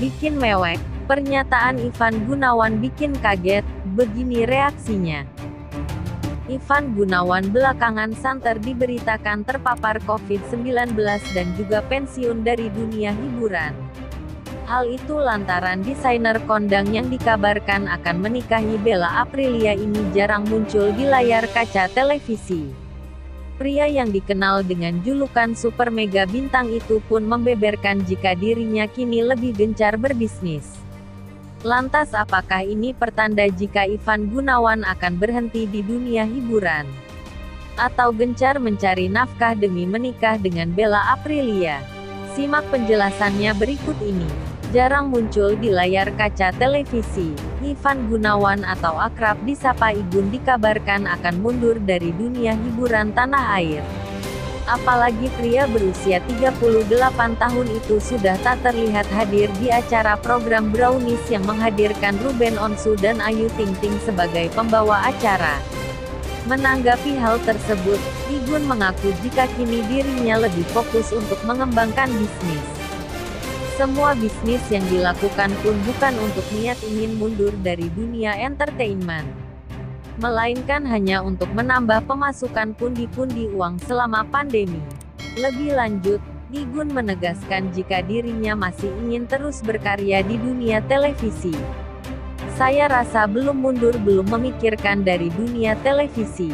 bikin mewek, pernyataan Ivan Gunawan bikin kaget, begini reaksinya. Ivan Gunawan belakangan santer diberitakan terpapar COVID-19 dan juga pensiun dari dunia hiburan. Hal itu lantaran desainer kondang yang dikabarkan akan menikahi Bella Aprilia ini jarang muncul di layar kaca televisi. Pria yang dikenal dengan julukan Super Mega Bintang itu pun membeberkan jika dirinya kini lebih gencar berbisnis. Lantas apakah ini pertanda jika Ivan Gunawan akan berhenti di dunia hiburan? Atau gencar mencari nafkah demi menikah dengan Bella Aprilia? Simak penjelasannya berikut ini jarang muncul di layar kaca televisi. Ivan Gunawan atau akrab disapa Igun dikabarkan akan mundur dari dunia hiburan tanah air. Apalagi pria berusia 38 tahun itu sudah tak terlihat hadir di acara program Brownies yang menghadirkan Ruben Onsu dan Ayu Ting Ting sebagai pembawa acara. Menanggapi hal tersebut, Igun mengaku jika kini dirinya lebih fokus untuk mengembangkan bisnis. Semua bisnis yang dilakukan pun bukan untuk niat ingin mundur dari dunia entertainment. Melainkan hanya untuk menambah pemasukan pundi-pundi uang selama pandemi. Lebih lanjut, Nigun menegaskan jika dirinya masih ingin terus berkarya di dunia televisi. Saya rasa belum mundur belum memikirkan dari dunia televisi.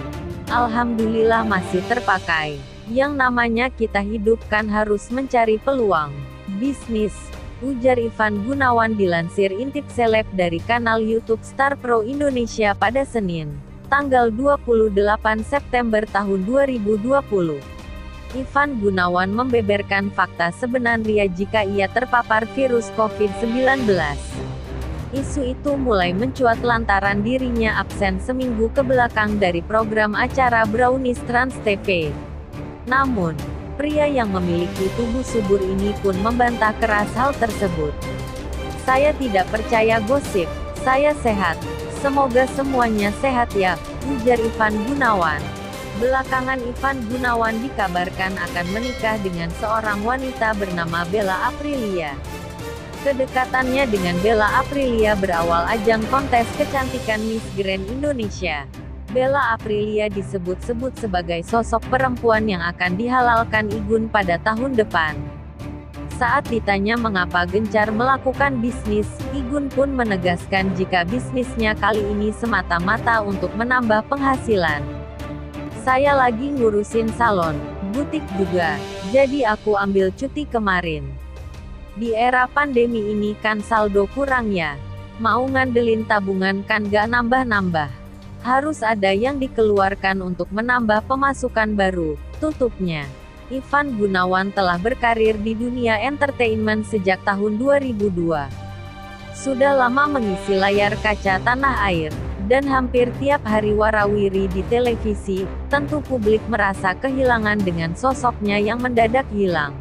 Alhamdulillah masih terpakai. Yang namanya kita hidup kan harus mencari peluang. Bisnis, ujar Ivan Gunawan dilansir intip seleb dari kanal YouTube Star Pro Indonesia pada Senin, tanggal 28 September tahun 2020. Ivan Gunawan membeberkan fakta sebenarnya jika ia terpapar virus COVID-19. Isu itu mulai mencuat lantaran dirinya absen seminggu kebelakang dari program acara Brownies Trans TV. Namun, Pria yang memiliki tubuh subur ini pun membantah keras hal tersebut. Saya tidak percaya gosip, saya sehat. Semoga semuanya sehat ya, ujar Ivan Gunawan. Belakangan Ivan Gunawan dikabarkan akan menikah dengan seorang wanita bernama Bella Aprilia. Kedekatannya dengan Bella Aprilia berawal ajang kontes kecantikan Miss Grand Indonesia. Bella Aprilia disebut-sebut sebagai sosok perempuan yang akan dihalalkan Igun pada tahun depan. Saat ditanya mengapa gencar melakukan bisnis, Igun pun menegaskan jika bisnisnya kali ini semata-mata untuk menambah penghasilan. Saya lagi ngurusin salon, butik juga, jadi aku ambil cuti kemarin. Di era pandemi ini kan saldo kurang ya, mau ngandelin tabungan kan gak nambah-nambah harus ada yang dikeluarkan untuk menambah pemasukan baru, tutupnya. Ivan Gunawan telah berkarir di dunia entertainment sejak tahun 2002. Sudah lama mengisi layar kaca tanah air, dan hampir tiap hari warawiri di televisi, tentu publik merasa kehilangan dengan sosoknya yang mendadak hilang.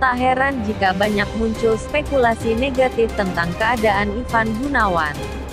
Tak heran jika banyak muncul spekulasi negatif tentang keadaan Ivan Gunawan.